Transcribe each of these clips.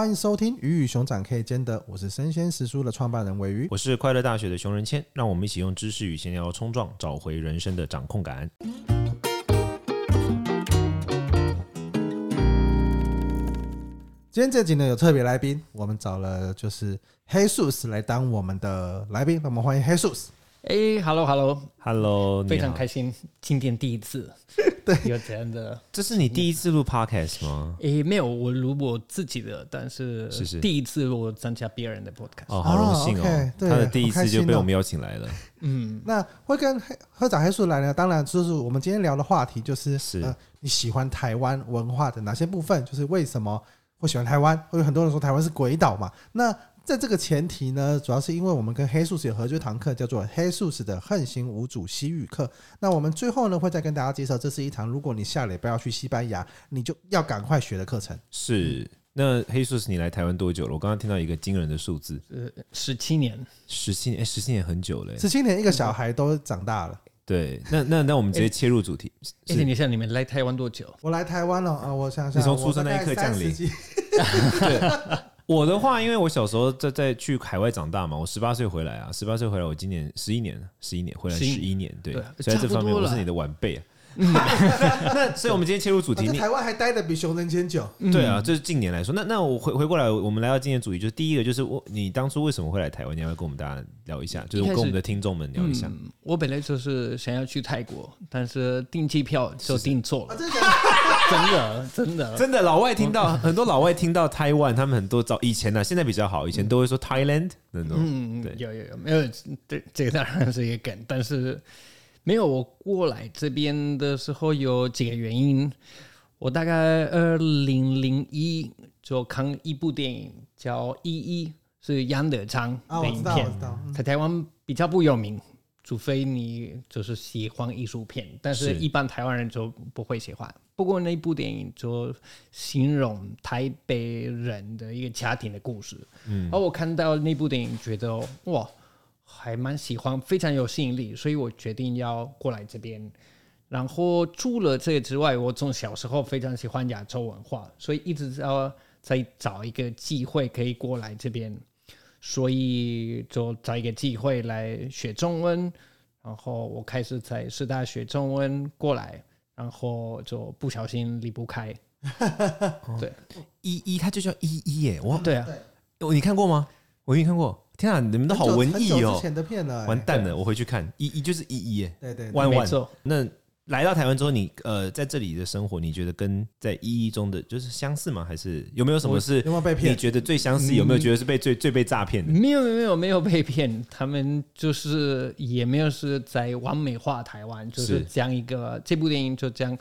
歡迎收聽《魚與熊掌可以兼得》，我是生鮮時書的創辦人韋魚，我是快樂大學的熊仁謙，讓我們一起用知識與閒聊衝撞，找回人生的掌控感。今天這集呢有特別來賓，我們找了就是黑素斯來當我們的來賓，我們歡迎黑素斯。哎哈嘍，哈嘍，哈嘍，非常開心今天第一次， 對，有這樣的，這是你第一次錄 Podcast 嗎？誒、欸，沒有，我錄我自己的，但是第一次我參加別人的 Podcast，是是哦，好榮幸哦，哦 okay，他的第一次就被我們邀請來了，哦，嗯，那會跟黑長黑素斯來呢，當然就是我們今天聊的話題就是，是、呃、你喜歡台灣文化的哪些部分？就是為什麼會喜歡台灣？會有很多人說台灣是鬼島嘛，那。在這個前提呢，主要是因為我們跟黑素斯有合作一堂課，叫做黑素斯的橫行無阻西語課。那我們最後呢，會再跟大家介紹，這是一堂如果你下禮拜要去西班牙，你就要趕快學的課程。是，那黑素斯，你來台灣多久了？我剛剛聽到一個驚人的數字，呃，十七年，十七年，哎、欸，十七年很久了、欸。十七年一個小孩都長大了。對，那那那我們直接切入主題。謝、欸欸欸、你像你們來台灣多久？我來台灣了啊，我想想，從出生那一刻降臨。對。我的話，因為我小時候在在去海外長大嘛，我十八歲回來啊，十八歲回來，我今年十一年，十一年回來十一年對，對，所以在這方面不我是你的晚輩啊。嗯、 那所以，我們今天切入主題，你、啊、台灣還待得比熊人久、嗯。對啊，這、就是近年來說。那那我回回過來，我們來到今天主題，就是第一個就是我，你當初為什麼會來台灣？你要跟我們大家聊一下，就是我跟我們的聽眾們聊一下一、嗯。我本來就是想要去泰國，但是訂機票就訂錯了。是是啊 真的，真的， 真的，老外聽到很多老外聽到台灣， 他們很多早以前呢、啊，現在比較好，以前都會說 Thailand 嗯，對，有有有，沒有，這這個當然是一個梗，但是沒有我過來這邊的時候有幾個原因，我大概二零零一就看一部電影叫《一一》，是楊德昌的影片，哦我知道、我知道、嗯、在台灣比較不有名。除非你就是喜歡藝術片，但是一般台灣人就不會喜歡。不過那部電影就形容，台北人的一個家庭的故事，嗯，而我看到那部電影，覺得哇，還蠻喜歡，非常有吸引力，所以我決定要過來這邊。然後除了這個之外，我從小時候非常喜歡亞洲文化，所以一直要再找一個機會可以過來這邊。所以就找一個機會來學中文，然後我開始在師大學中文過來，然後就不小心離不開。 對，一、哦、一它就叫一一耶，對啊、哦。你看過嗎？我給你看過。天啊，你們都好文藝哦！很久很久之前的片了，完蛋了，我回去看一一就是一一耶。對對、對。完完，那。來到台灣之後，你呃在這裡的生活，你覺得跟在一一中的就是相似嗎？還是有沒有什麼是你覺得最相似？嗯、有沒有被騙？有沒有覺得是被最、嗯、最被詐騙？沒有沒有沒有沒有被騙。他們就是也沒有是在完美化台灣，就是講一個這部電影，就這樣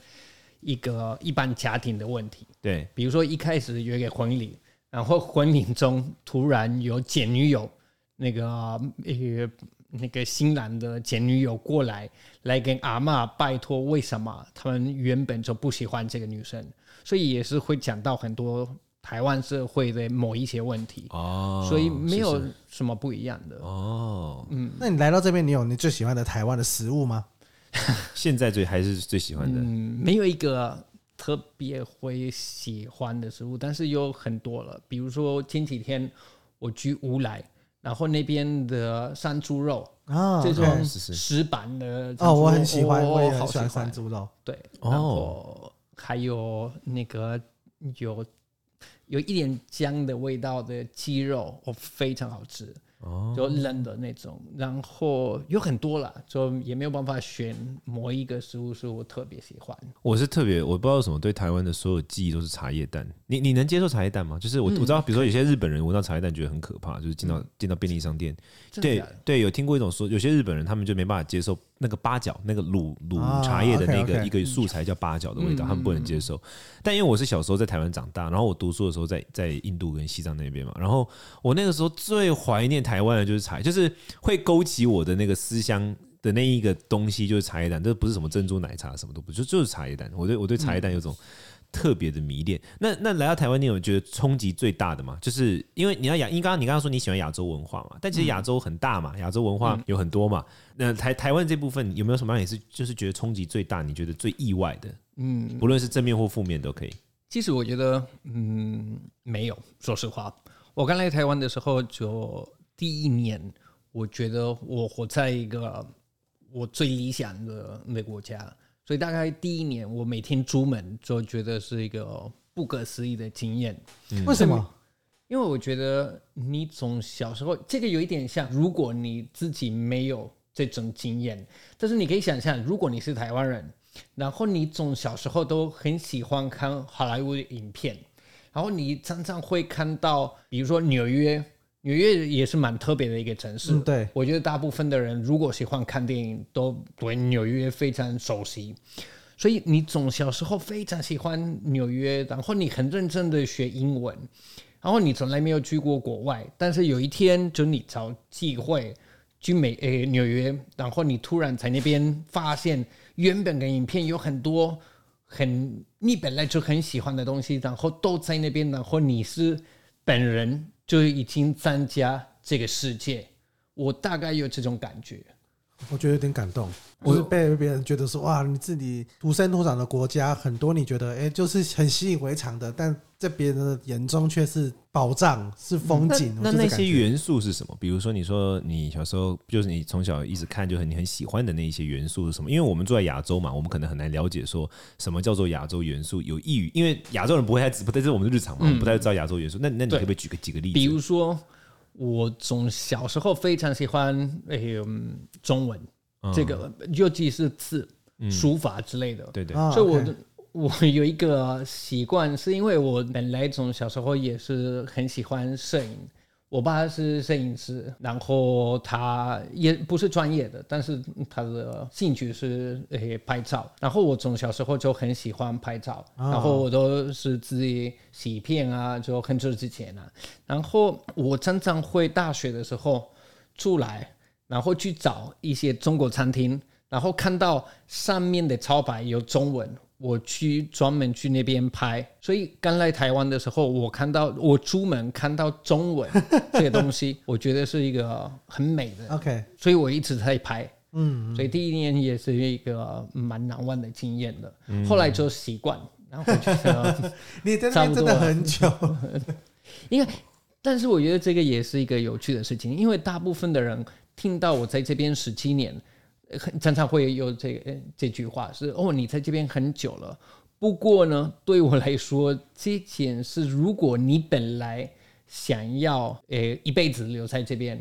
一個一般家庭的問題。對，比如說一開始約個婚禮，然後婚禮中突然有前女友那個、呃、那個新郎的前女友過來。來跟阿嬤拜托，為什麼他們原本就不喜歡這個女生，所以也是會講到很多台灣社會的某一些問題哦，所以沒有什麼不一樣的是是、嗯、哦。嗯，那你來到這邊，你有你最喜歡的台灣的食物嗎？現在最還是最喜歡的、 嗯，沒有一個特別會喜歡的食物，但是有很多了。比如說前幾天我去烏來。然後那邊的山豬肉啊，哦，這種石板的，哦 okay，是是，哦，哦，我很喜歡，哦，我很喜歡，我也很喜歡山豬肉。對，哦，然後還有那個有有一點薑的味道的雞肉，哦，非常好吃。哦，就冷的那種，然後有很多了，就也沒有辦法選某一個食物是我特別喜歡。哦。我是特別，我不知道為什麼，對台灣的所有記憶都是茶葉蛋。你你能接受茶葉蛋嗎？就是我我知道，比如說有些日本人聞到茶葉蛋覺得很可怕，就是進到進到便利商店，對對，有聽過一種說，有些日本人他們就沒辦法接受。那個八角，那個滷滷茶葉的那個一個素材叫八角的味道，啊 okay, okay 嗯、他們不能接受、嗯。但因為我是小時候在台灣長大，然後我讀書的時候在在印度跟西藏那邊嘛，然後我那個時候最懷念台灣的就是茶，就是會勾起我的那個思鄉的那一個東西，就是茶葉蛋。這不是什麼珍珠奶茶，什麼都不就就是茶葉蛋。我對我對茶葉蛋有種。嗯特別的迷戀，那那來到台灣，你有覺得衝擊最大的嗎？就是因為你要亞，因為剛剛你剛剛說你喜歡亞洲文化嘛，但其實亞洲很大嘛，亞洲文化有很多嘛，那台台灣這部分有沒有什麼樣也是就是覺得衝擊最大，你覺得最意外的？嗯，不論是正面或負面都可以、嗯嗯。其實我覺得，嗯，沒有，說實話，我剛來台灣的時候，就第一年，我覺得我活在一個我最理想的那個國家。所以大概第一年，我每天出門就覺得是一個不可思議的經驗。嗯。為什麼？因為我覺得你從小時候，這個有一點像。如果你自己沒有這種經驗，但是你可以想象，如果你是台灣人，然後你從小時候都很喜歡看好萊塢的影片，然後你常常會看到，比如說紐約。紐約也是蠻特別的一個城市，嗯。對，我覺得大部分的人如果喜歡看電影，都對紐約非常熟悉。所以你從小時候非常喜歡紐約，然後你很認真的學英文，然後你從來沒有去過國外，但是有一天，就你找機會去美誒，呃，紐約，然後你突然在那邊發現，原本的影片有很多很，你本來就很喜歡的東西，然後都在那邊，然後你是本人。就已經參加這個世界，我大概有這種感覺。我覺得有點感動，我，我是被別人覺得說哇，你自己土生土長的國家，很多你覺得哎、欸，就是很習以為常的，但在別人的眼中卻是寶藏，是風景，嗯，那這那。那那些元素是什麼？比如說，你說你小時候就是你從小一直看，就很你很喜歡的那一些元素是什麼？因為我們住在亞洲嘛，我們可能很難了解說什麼叫做亞洲元素。有意義，因為亞洲人不會，不太知道我們日常嘛，嗯、不太知道亞洲元素。那那你可不可以舉個幾個例子，比如說。我從小時候非常喜歡，哎、中文這個、嗯、尤其是字、嗯、書法之類的。對對，哦、所以我、哦 okay、我有一個習慣，是因為我本來從小時候也是很喜歡攝影。我爸是攝影師，然後他也不是專業的，但是他的興趣是拍照。然後我從小時候就很喜歡拍照，啊，然後我都是自己洗片啊，就很久之前了，啊。然後我常常會大學的時候出來，然後去找一些中國餐廳，然後看到上面的招牌有中文。我去專門去那邊拍，所以剛來台灣的時候，我看到我出門看到中文這個東西， 我覺得是一個很美的。OK，所以我一直在拍。嗯，所以第一年也是一個蠻難忘的經驗的、嗯。後來就習慣，然後我就想，你真的很久了 因為但是我覺得這個也是一個有趣的事情，因為大部分的人聽到我在這邊十七年。很常常會有這、欸、這句話是哦，你在這邊很久了。不過呢，對我來說，這件事如果你本來想要呃、欸、一輩子留在這邊，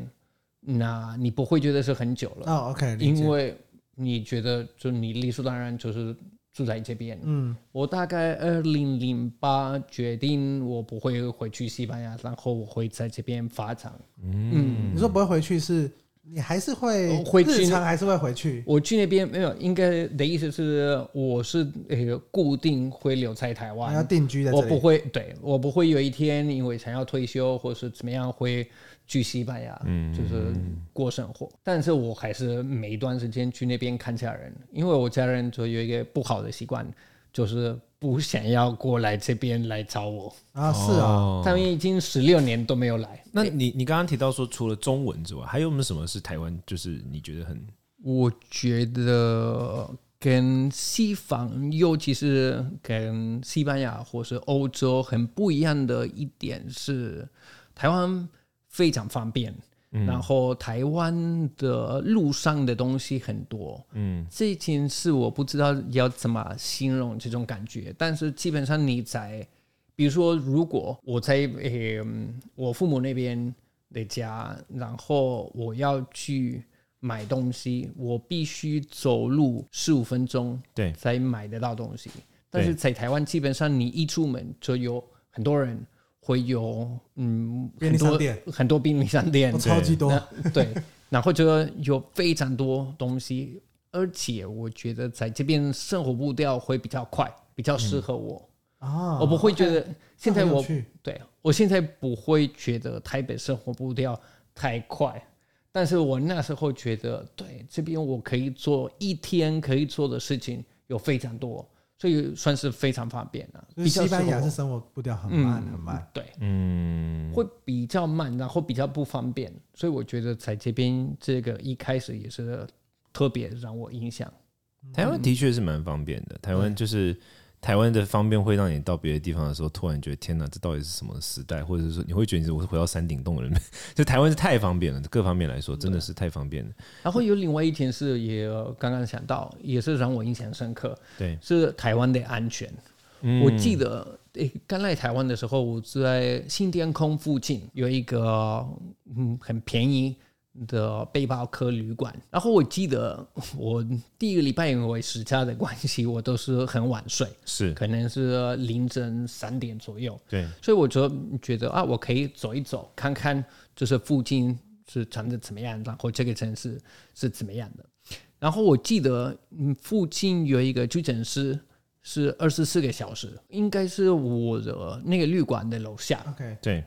那你不會覺得是很久了。哦，OK，理解。因為你覺得就你理所當然就是住在這邊。嗯，我大概二零零八決定我不會回去西班牙，然後我會在這邊發展、嗯。嗯，你說不會回去是？你還是會日常還是會回去？去我去那邊沒有，應該的意思是我是呃固定會留在台灣，要定居在這裡。我不會，對我不會有一天因為想要退休或是怎麼樣會去西班牙，嗯，就是過生活。嗯、但是我還是每一段時間去那邊看家人，因為我家人就有一個不好的習慣。就是不想要過來這邊來找我啊！是啊，哦、他們已經十六年都沒有來。那你你剛剛提到說，除了中文之外，還有沒有什麼是台灣？就是你覺得很……我覺得跟西方，尤其是跟西班牙或是歐洲，很不一樣的一點是，台灣非常方便。然後台灣的路上的東西很多，嗯，這件事我不知道要怎麼形容這種感覺，但是基本上你在，比如說，如果我在嗯，我父母那邊的家，然後我要去買東西，我必須走路十五分鐘，對，才買得到東西。但是在台灣，基本上你一出門就有很多人。會有嗯很多利很多便利商店，哦，超級多對。那，對，然後就有非常多東西， 而且我覺得在這邊生活步調會比較快，比較適合我、嗯、啊，我不會覺得現在我對我現在不會覺得台北生活步調太快，但是我那時候覺得對這邊我可以做一天可以做的事情有非常多。所以算是非常方便了，啊。比較西班牙是生活步調很慢、嗯、很慢，對，嗯，會比較慢，然後比較不方便。所以我覺得在這邊這個一開始也是特別讓我印象。嗯、台灣的確是蠻方便的，台灣就是。台灣的方便會讓你到別的地方的時候，突然覺得天哪，這到底是什麼時代？或者是說你會覺得我是回到山頂洞的人？就台灣是太方便了，各方面來說真的是太方便了。然後有另外一點是也剛剛想到，也是讓我印象深刻。對，是台灣的安全。我記得誒，剛來台灣的時候，我在新天空附近有一個嗯，很便宜。的背包客旅館，然後我記得我第一個禮拜因為時差的關係，我都是很晚睡，是可能是凌晨三點左右。對，所以我就覺得啊，我可以走一走，看看就是附近是長得怎麼樣，然後這個城市是怎麼樣的。然後我記得嗯，附近有一個急診室是二十四個小時，應該是我的那個旅館的樓下。Okay. 對，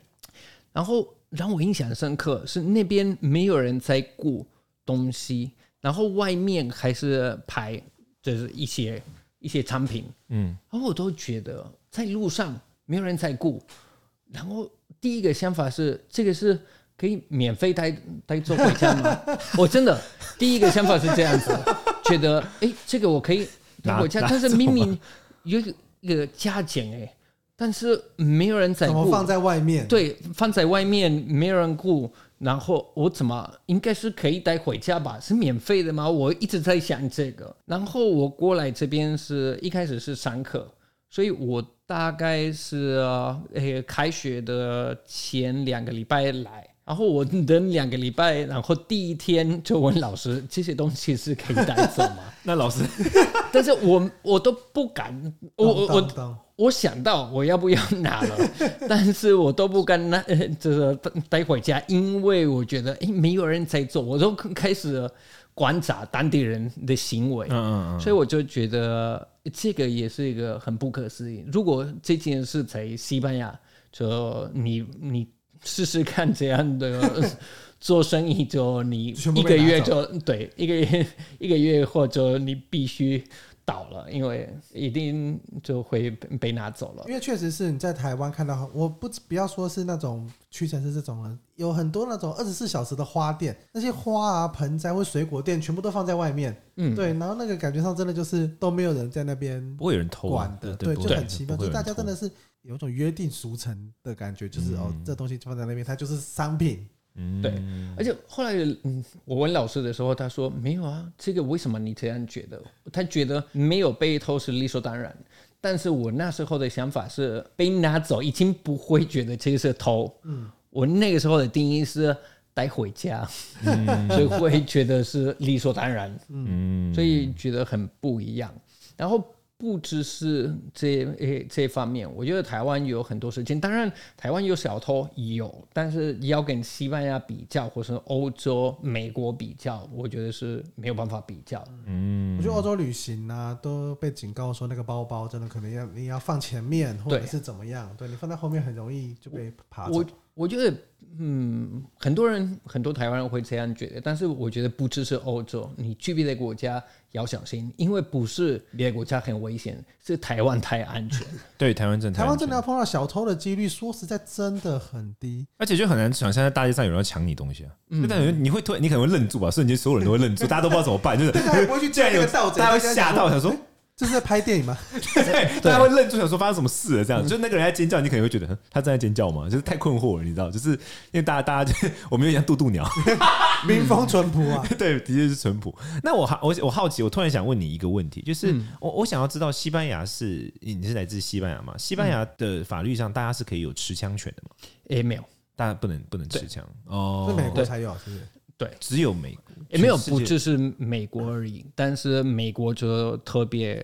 然後。讓我印象深刻是那邊沒有人在顧東西，然後外面還是排，這、就是一些一些產品，嗯，然後我都覺得在路上沒有人在顧，然後第一個想法是，這個是可以免費帶帶走回家嗎？我、 oh, 真的第一個想法是這樣子， 覺得哎，這個我可以帶回家，但是明明有一個價錢哎。但是沒有人在顧，放在外面。對，放在外面沒人顧。然後我怎麼應該是可以帶回家吧？是免費的嗎？我一直在想這個。然後我過來這邊是一開始是上課，所以我大概是呃、哎、開學的前兩個禮拜來。然後我等兩個禮拜，然後第一天就問老師 這些東西是可以帶走嗎？ 那老師， 但是我我都不敢，我 我。Oh, 我 don't, don't. 我想到我要不要拿了，但是我都不敢拿，就是帶回家，因為我覺得誒，沒有人在做，我都開始觀察當地人的行為，所以我就覺得這個也是一個很不可思議。如果這件事在西班牙，就你你試試看這樣的做生意，就你一個月就對一個月一個月，或者你必須。倒了，因為一定就會被拿走了，因為確實是你在台灣看到，我不不要說是那種屈臣氏這種了，有很多那種二十四小時的花店，那些花啊、盆栽或水果店，全部都放在外面。嗯，對。然後那個感覺上真的就是都沒有人在那邊，不會有人偷，啊。管的，對，就很奇怪，就大家真的是有種約定俗成的感覺，就是、嗯、哦，這東西放在那邊，它就是商品。嗯、對，而且後來，嗯，我問老師的時候，他說沒有啊，這個為什麼你這樣覺得？他覺得沒有被偷是理所當然，但是我那時候的想法是被拿走已經不會覺得這個是偷，嗯，我那個時候的定義是帶回家，嗯、所以會覺得是理所當然，嗯，所以覺得很不一樣，然後。不只是這誒、欸、這方面，我覺得台灣有很多事情。當然，台灣有小偷有，但是要跟西班牙比較，或是歐洲、美國比較，我覺得是沒有辦法比較。嗯，我覺得歐洲旅行呢、啊，都被警告說那個包包真的可能要你要放前面，或者是怎麼樣，對，對你放在後面很容易就被扒走。我覺得，嗯，很多人，很多台灣人會這樣覺得，但是我覺得不只是歐洲，你去別的國家要小心，因為不是別的國家很危險，是台灣太安全。 對，台灣真的台灣真的要碰到小偷的幾率，說實在真的很低，而且就很難想象在大街上有人要搶你東西啊！就、嗯、感覺你會突然，你可能會愣住吧、啊，瞬間所有人都會愣住，大家都不知道怎麼辦，就是大家 不會去叫一個盜賊，大家會嚇到想說。欸想說這是在拍電影嗎？ 對，對，大家會愣住，想說發生什麼事了，這樣子、嗯、就那個人在尖叫，你可能會覺得他正在尖叫嘛，就是太困惑了，你知道？就是因為大家，大家就，我們有點像渡渡鳥，民風淳樸啊，對，的、嗯、確、嗯、是淳樸。嗯、那我好，我我好奇，我突然想問你一個問題，就是、嗯、我我想要知道，西班牙是你是來自西班牙嗎？西班牙的法律上，大家是可以有持槍權的嗎？欸，沒有，嗯嗯大家不能不能持槍哦，是美國才有是不是？對，只有美國也沒有，不只是美國而已，但是美國就特別，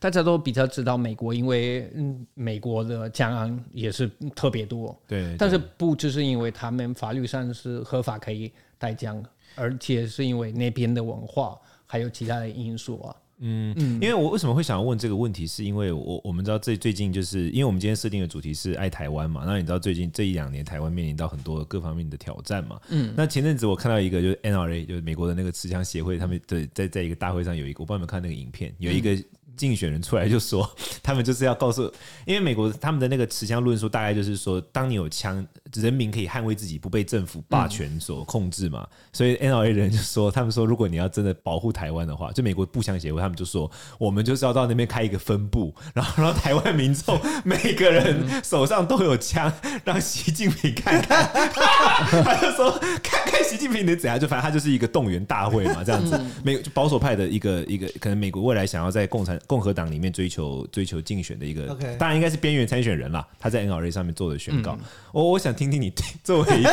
大家都比較知道美國，因為美國的槍也是特別多。對，對，對，但是不只是因為他們法律上是合法可以帶槍，而且是因為那邊的文化還有其他的因素啊。嗯嗯，因為我為什麼會想要問這個問題，是因為我我們知道最最近就是因為我們今天設定的主題是愛台灣嘛，那你知道最近這一兩年台灣面臨到很多各方面的挑戰嘛？嗯，那前陣子我看到一個就是 NRA，就是美國的那個持槍協會，他們在在在一個大會上有一個，我幫你們看那個影片，有一個競選人出來就說，他們就是要告訴，因為美國他們的那個持槍論述大概就是說，當你有槍。人民可以捍衛自己不被政府霸權所控制嘛？所以 NRA 人就說，他們說，如果你要真的保護台灣的話，就美國步槍協會，他們就說，我們就是要到那邊開一個分部，然後讓台灣民眾每個人手上都有槍，讓習近平看看，他就說，看看習近平能怎樣？就反正他就是一個動員大會嘛，這樣子。美，保守派的一個一個，可能美國未來想要在共產共和黨裡面追求追求競選的一個，當然應該是邊緣參選人啦，他在 NRA 上面做的宣告，我我想。聽聽你對作為一個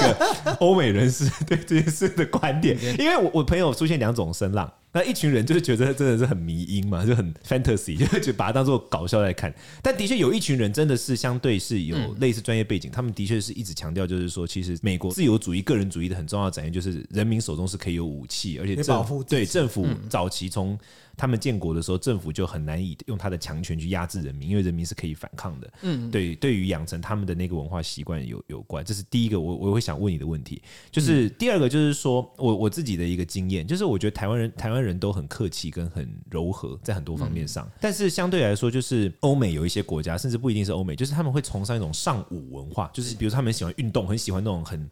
歐美人士 對這件事的觀點，因為我我朋友出現兩種聲浪。那一群人就是覺得真的是很迷因嘛，就很 fantasy，就就把它當做搞笑來看。但的確有一群人真的是相對是有類似專業背景，他們的確是一直強調，就是說，其實美國自由主義、個人主義的很重要的展現，就是人民手中是可以有武器，而且政府對政府早期從他們建國的時候，政府就很難以用他的強權去壓制人民，因為人民是可以反抗的。嗯，對，對於養成他們的那個文化習慣有有關，這是第一個，我我會想問你的問題。就是第二個，就是說我我自己的一個經驗，就是我覺得台灣人台灣。人都很客氣跟很柔和，在很多方面上，嗯，但是相對來說，就是歐美有一些國家，甚至不一定是歐美，就是他們會崇尚一種尚武文化，就是比如說他們喜歡運動，很喜歡那種很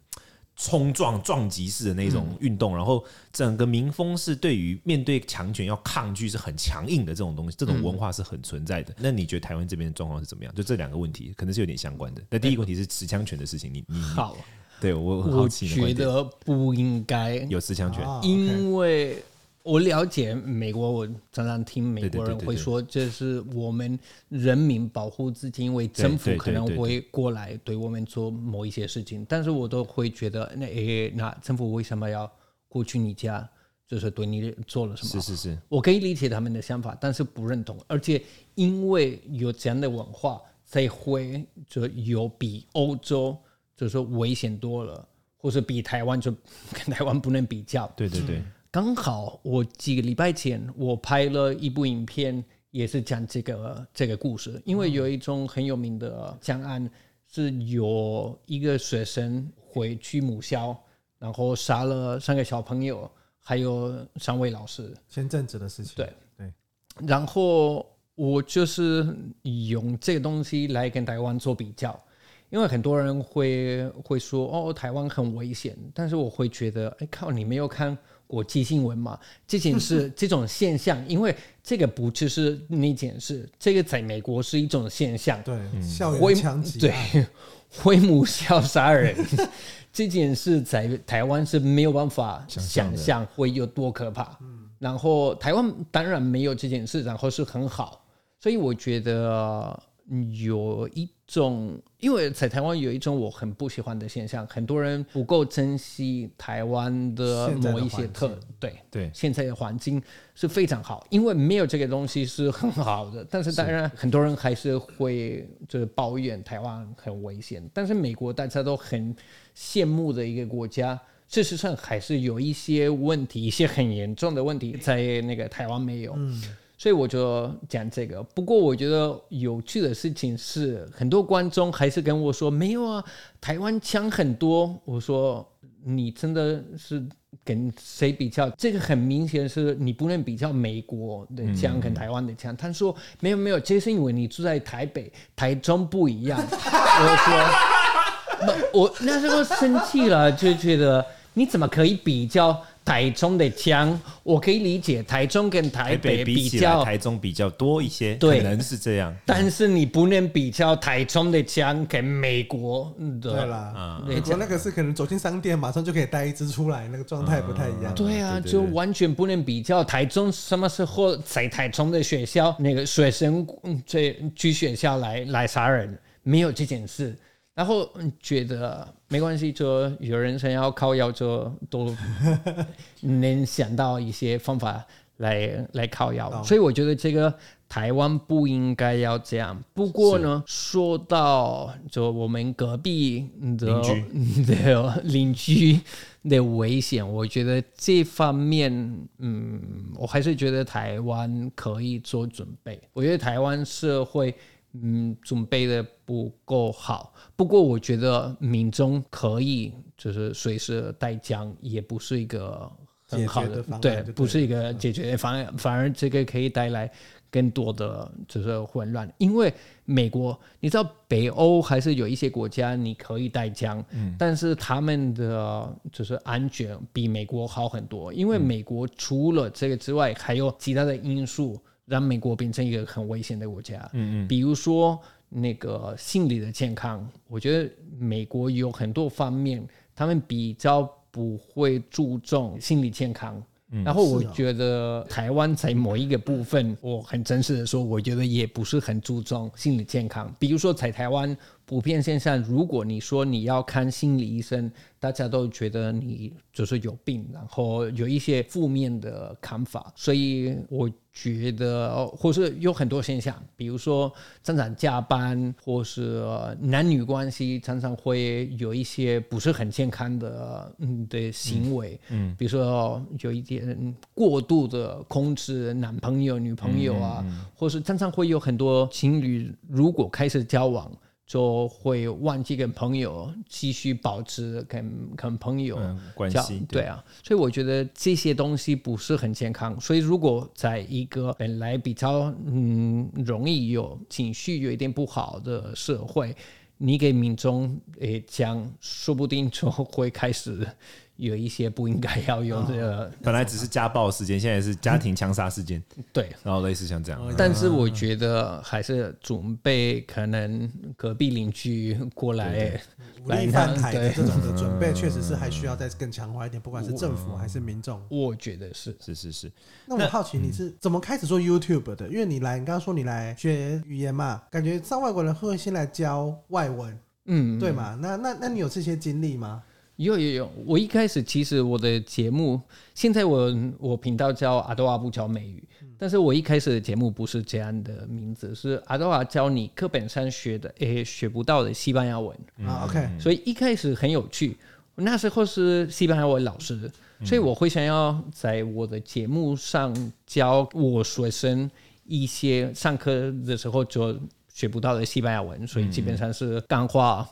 衝撞、撞擊式的那種運動，然後整個民風是對於面對強權要抗拒是很強硬的這種東西，這種文化是很存在的。那你覺得台灣這邊的狀況是怎麼樣？就這兩個問題可能是有點相關的。那第一個問題是持槍權的事情，你你好，啊，對我很好奇你的觀點。我覺得不應該有持槍權。啊 okay，因為。我了解美國，我常常聽美國人會說，這是我們人民保護自己，因為政府可能會過來對我們做某一些事情。但是我都會覺得，那誒、哎哎，那政府為什麼要過去你家？就是對你做了什麼？是是是，我可以理解他們的想法，但是不認同。而且因為有這樣的文化，才會就有比歐洲就是說危險多了，或是比台灣就跟台灣不能比較。對對對、對。嗯剛好我幾個禮拜前，我拍了一部影片，也是講這個這個故事。因為有一種很有名的槍案，是有一個學生回去母校，然後殺了三個小朋友，還有三位老師。前陣子的事情。對對。然後我就是用這個東西來跟台灣做比較，因為很多人會會說哦，台灣很危險，但是我會覺得，哎靠，你沒有看。國際新聞嘛，這件事 這種現象，因為這個不就是那件事，這個在美國是一種現象，對，校園槍擊，對，回母校殺人， 這件事在台灣是沒有辦法想象會有多可怕。然後台灣當然沒有這件事，然後是很好，所以我覺得。有一種，因為在台灣有一種我很不喜歡的現象，很多人不夠珍惜台灣的某一些特，對對，現在的環境是非常好，因為沒有這個東西是很好的。但是當然，很多人還是會就是抱怨台灣很危險。但是美國大家都很羨慕的一個國家，事實上還是有一些問題，一些很嚴重的問題在那個台灣沒有。嗯。所以我就講這個。不過我覺得有趣的事情是，很多觀眾還是跟我說：“沒有啊，台灣槍很多。”我說：“你真的是跟誰比較？這個很明顯是你不能比較美國的槍跟台灣的槍。嗯”他說：“沒有沒有，這是因為你住在台北、台中不一樣。”我說：“ 我那時候生氣了，就覺得。”你怎麼可以比較台中的槍，的槍我可以理解台中跟台北比較，台，比台中比較多一些，對，可能是這樣。但是你不能比較台中的槍跟美國，對，對啦，美國那個是可能走進商店，馬上就可以帶一支出來，那個狀態不太一樣、啊嗯。對啊，就完全不能比較台中，什麼時候在台中的學校那個學生嗯去學校來來殺人，沒有這件事。然後覺得沒關係，就有人想要靠藥，就都能想到一些方法來來靠藥， 所以我覺得這個台灣不應該要這樣。不過呢，說到就我們隔壁的鄰居， 居的危險，我覺得這方面，嗯，我還是覺得台灣可以做準備。我覺得台灣社會。嗯，準備的不夠好。不過我覺得民眾可以，就是隨時帶槍，也不是一個很好的，的對，對，不是一個解決方案，嗯，反而這個可以帶來更多的就是混亂。因為美國，你知道北歐還是有一些國家，你可以帶槍，嗯，但是他們的就是安全比美國好很多。因為美國除了這個之外，嗯、還有其他的因素。讓美國變成一個很危險的國家。嗯嗯，比如說那個心理的健康，我覺得美國有很多方面，他們比較不會注重心理健康。嗯，然後我覺得台灣在某一個部分，我很真實的說，我覺得也不是很注重心理健康。比如說在台灣。普遍現象，如果你說你要看心理醫生，大家都覺得你就是有病，然後有一些負面的看法。所以我覺得，或是有很多現象，比如說常常加班，或是男女關係常常會有一些不是很健康的，嗯，的行為。嗯，比如說有一點過度的控制男朋友、女朋友啊、嗯嗯嗯，或是常常會有很多情侶，如果開始交往。就會忘記跟朋友繼續保持跟跟朋友、嗯、關係，對，對啊，所以我覺得這些東西不是很健康。所以如果在一個本來比較嗯容易有情緒有一點不好的社會，你給民眾誒講，說不定就會開始。有一些不應該要用這個、哦、本來只是家暴事件、嗯，現在是家庭槍殺事件。對，然後類似像這樣。但是我覺得還是準備可能隔壁鄰居過來來犯台的這種的準備，確實是還需要再更強化一點，嗯、不管是政府還是民眾。我，我覺得是是是是那。那我好奇你是怎麼開始做 YouTube 的？因為你來，你剛剛說你來學語言嘛，感覺上外國人會，不會先來教外文，嗯，對嘛？那那那你有這些經歷嗎？有有有！我一開始其實我的節目，現在我我頻道叫阿多瓦不教美語、嗯，但是我一開始的節目不是這樣的名字，是阿多瓦教你課本上學的誒、欸、學不到的西班牙文啊。OK，所以一開始很有趣，那時候是西班牙文老師，所以我會想要在我的節目上教我學生一些上課的時候就學不到的西班牙文，所以基本上是幹話。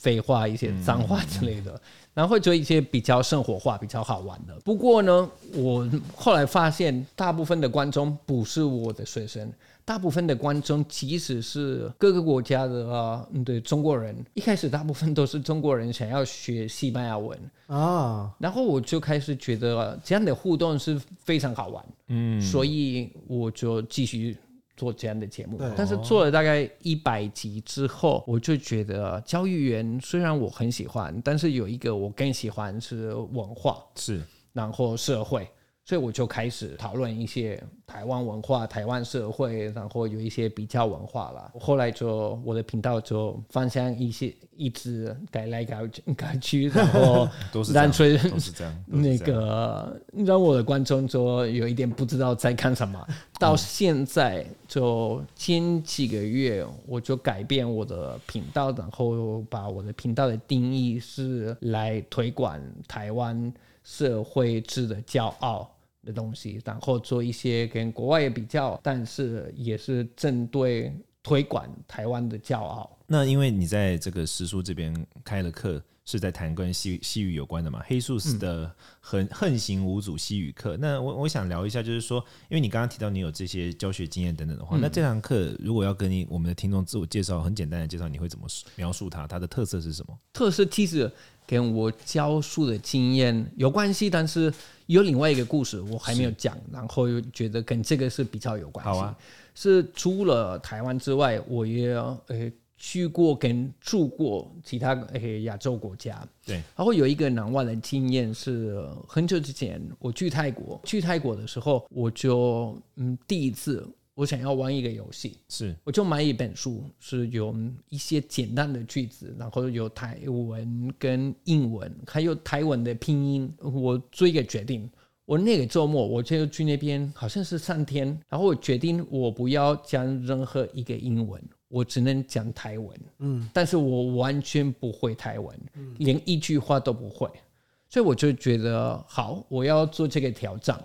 廢話一些髒話之類的，嗯、然後做一些比較生活化、比較好玩的。不過呢，我後來發現，大部分的觀眾不是我的學生，大部分的觀眾，即使是各個國家的啊，嗯、對中國人，一開始大部分都是中國人想要學西班牙文啊、哦，然後我就開始覺得這樣的互動是非常好玩，嗯，所以我就繼續。做這樣的節目，哦，但是做了大概一百集之後，我就覺得教育員，雖然我很喜歡，但是有一個我更喜歡是文化，是，然後社會。所以我就開始討論一些台灣文化、台灣社會，然後有一些比較文化了。後來就我的頻道就方向一些，一直改來改去、改去，然後單純 都，都，都是這樣，那個讓我的觀眾就有一點不知道在幹什麼、 嗯。到現在就近幾個月，我就改變我的頻道，然後把我的頻道的定義是來推廣台灣社會制的驕傲。的東西，然後做一些跟國外也比較，但是也是針對推廣台灣的驕傲。那因為你在這個師叔這邊開了課。是在談跟西語西語有關的嗎？黑素斯的橫橫行無阻西語課，嗯。那我我想聊一下，就是說，因為你剛剛提到你有這些教學經驗等等的話，嗯、那這堂課如果要跟你我們的聽眾自我介紹，很簡單的介紹，你會怎麼描述它？它的特色是什麼？特色其實跟我教書的經驗有關係，但是有另外一個故事我還沒有講，然後又覺得跟這個是比較有關係。好啊，是除了台灣之外，我也要誒。欸去過跟住過其他誒亞洲國家，對，然後有一個難忘的經驗是，很久之前我去泰國，去泰國的時候，我就嗯第一次我想要玩一個遊戲，是我就買一本書，是有一些簡單的句子，然後有泰文跟英文，還有泰文的拼音。我做一個決定，我那個周末我就去那邊，好像是三天，然後我決定我不要講任何一個英文。我只能講台文，嗯，但是我完全不會台文，連一句話都不會，嗯、所以我就覺得好，我要做這個挑戰，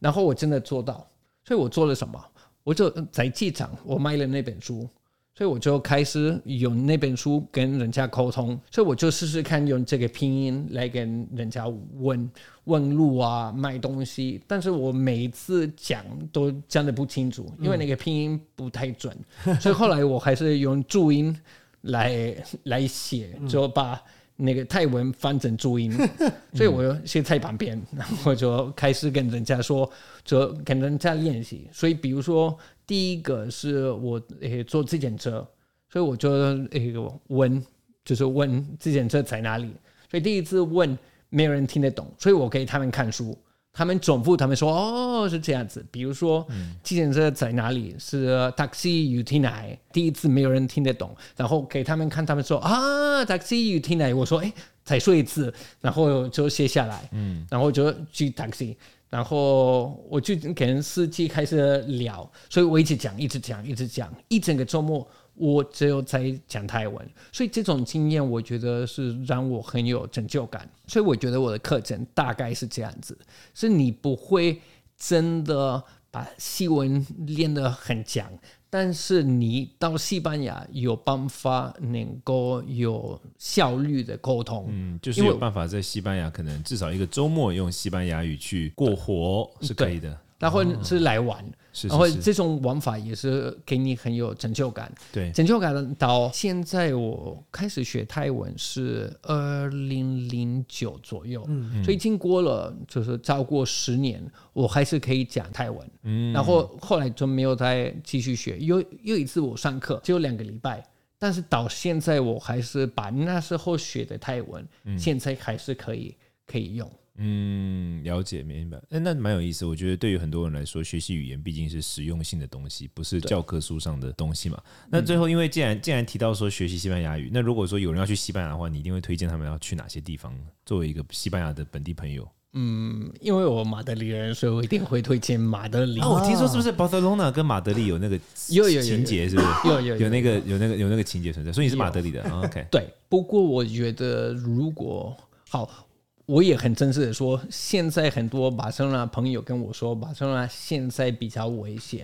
然後我真的做到，所以我做了什麼？我就在機場，我買了那本書。所以我就開始用那本書跟人家溝通，所以我就試試看用這個拼音來跟人家問問路啊、買東西，但是我每次講都講得不清楚，因為那個拼音不太準，嗯、所以後來我還是用注音來 來寫，就把。那個泰文翻成注音， 所以我就寫在旁邊， 然後我就開始跟人家說，就跟人家練習。所以比如說，第一個是我誒、欸、坐自行車，所以我就誒個、欸、問，就是問自行車在哪裡。所以第一次問沒有人聽得懂，所以我給他們看書。他們重複，他們說：“哦，是這樣子。比如說，嗯，計程車在哪裡？是 taxi U T 奈。第一次沒有人聽得懂，然後給他們看，他們說啊，taxi U T 奈。我說哎、欸，再說一次，然後就寫下來，嗯，然後就去 taxi，然後我就跟司機開始聊，所以我一直講，一直講，一直講，一整個週末。”我只有在講台灣，所以這種經驗我覺得是讓我很有成就感。所以我覺得我的課程大概是這樣子，是你不會真的把西文練得很強，但是你到西班牙有辦法能夠有效率的溝通。嗯，就是有辦法在西班牙，可能至少一個周末用西班牙語去過活是可以的。那或者是來玩。哦是是是，然後這種玩法也是給你很有成就感。對，成就感到現在我開始學泰文是二零零九左右。嗯嗯，所以經過了，就是超過十年，我還是可以講泰文。嗯、然後後來就沒有再繼續學，有，有一次我上課只有兩個禮拜，但是到現在我還是把那時候學的泰文，嗯、現在還是可以可以用。嗯，了解明白。哎，那蠻有意思。我覺得對於很多人來說，學習語言畢竟是實用性的東西，不是教科書上的東西嘛。那最後，因為既然既然提到說學習西班牙語，嗯、那如果說有人要去西班牙的話，你一定會推薦他們要去哪些地方？作為一個西班牙的本地朋友，嗯，因為我馬德里人，所以我一定會推薦馬德里。啊、哦哦，我聽說是不是巴塞隆納跟馬德里有那個有情結，是不是？有有有，有，有，有，有有有那個有那個有那個情結存在，所以你是馬德里的。有有 OK，對。不過我覺得如果好。我也很正式的說，現在很多馬德里朋友跟我說，馬德里現在比較危險，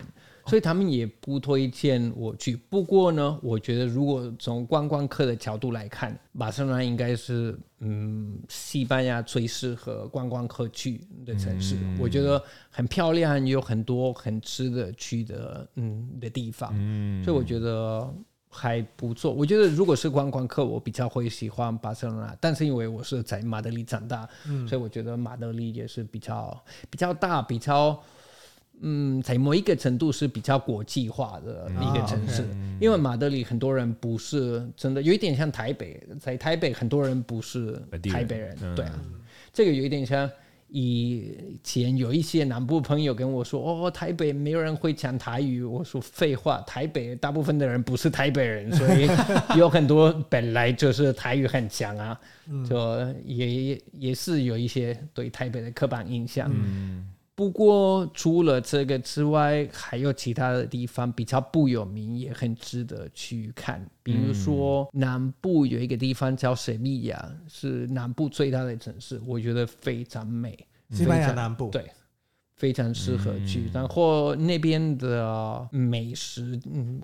所以他們也不推薦我去。哦。不過呢，我覺得如果從觀光客的角度來看，馬德里應該是嗯，西班牙最適合觀光客去的城市，嗯。我覺得很漂亮，有很多很值得去的嗯的地方，嗯。所以我覺得。還不錯，我覺得如果是觀光客，我比較會喜歡巴塞羅那，但是因為我是在馬德里長大，嗯、所以我覺得馬德里也是比較比較大、比較嗯，在某一個程度是比較國際化的一個城市、嗯，因為馬德里很多人不是真的，有一點像台北，在台北很多人不是台北人，嗯、對啊，這個有一點像。以前有一些南部朋友跟我說：“哦，台北沒有人會講台語。”我說：“廢話，台北大部分的人不是台北人，所以有很多本來就是台語很強啊，就也也是有一些對台北的刻板印象。”嗯。不過，除了這個之外，還有其他的地方比較不有名，也很值得去看。比如說，南部有一個地方叫塞維利亞，是南部最大的城市，我覺得非常美。西班牙南部，對。非常適合去，嗯，然後那邊的美食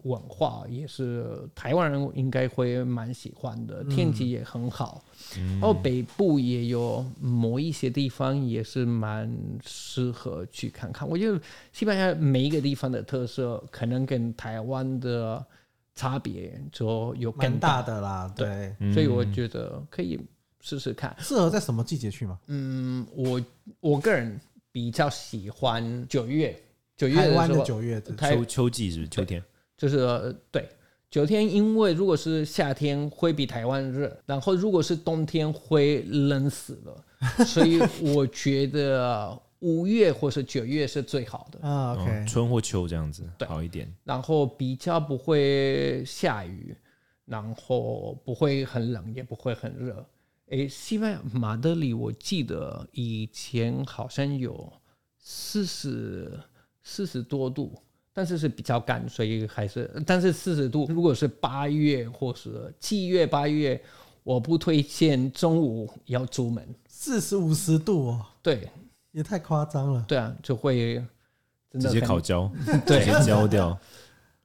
文化也是台灣人應該會蠻喜歡的，嗯，天氣也很好。哦，嗯，北部也有某一些地方也是蠻適合去看看。我覺得西班牙每一個地方的特色可能跟台灣的差別就有更大蠻大的啦，對，對，嗯。所以我覺得可以試試看，適合在什麼季節去嗎？嗯，我我個人。比較喜歡九月，九月的時候，台灣的九月是不是？秋秋季是不是秋天？就是對九天，因為如果是夏天會比台灣熱，然後如果是冬天會冷死了，所以我覺得五月或是九月是最好的啊、 哦。OK，、哦、春或秋這樣子，對，好一點。然後比較不會下雨，然後不會很冷，也不會很熱。哎，西班牙馬德里，我記得以前好像有四十、四十多度，但是是比較乾，所以還是，但是四十度，如果是八月或是七月、八月，我不推薦中午要出門。四十五十度哦，對，也太誇張了。對啊，就會直接烤焦， 對， 焦掉。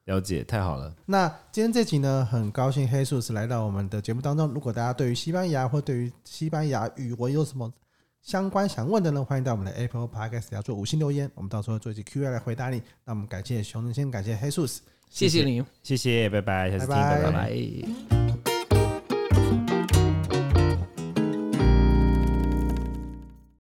了解，太好了。那今天這集呢，很高興黑素斯來到我們的節目當中。如果大家對於西班牙或對於西班牙語文有什麼相關想問的呢，歡迎到我們的 Apple Podcast 要做五星留言，我們到時候做一些 Q&A 來回答你。那我們感謝熊先，感謝黑素斯謝謝，謝謝你，謝謝，拜拜，下次見，拜拜。拜拜。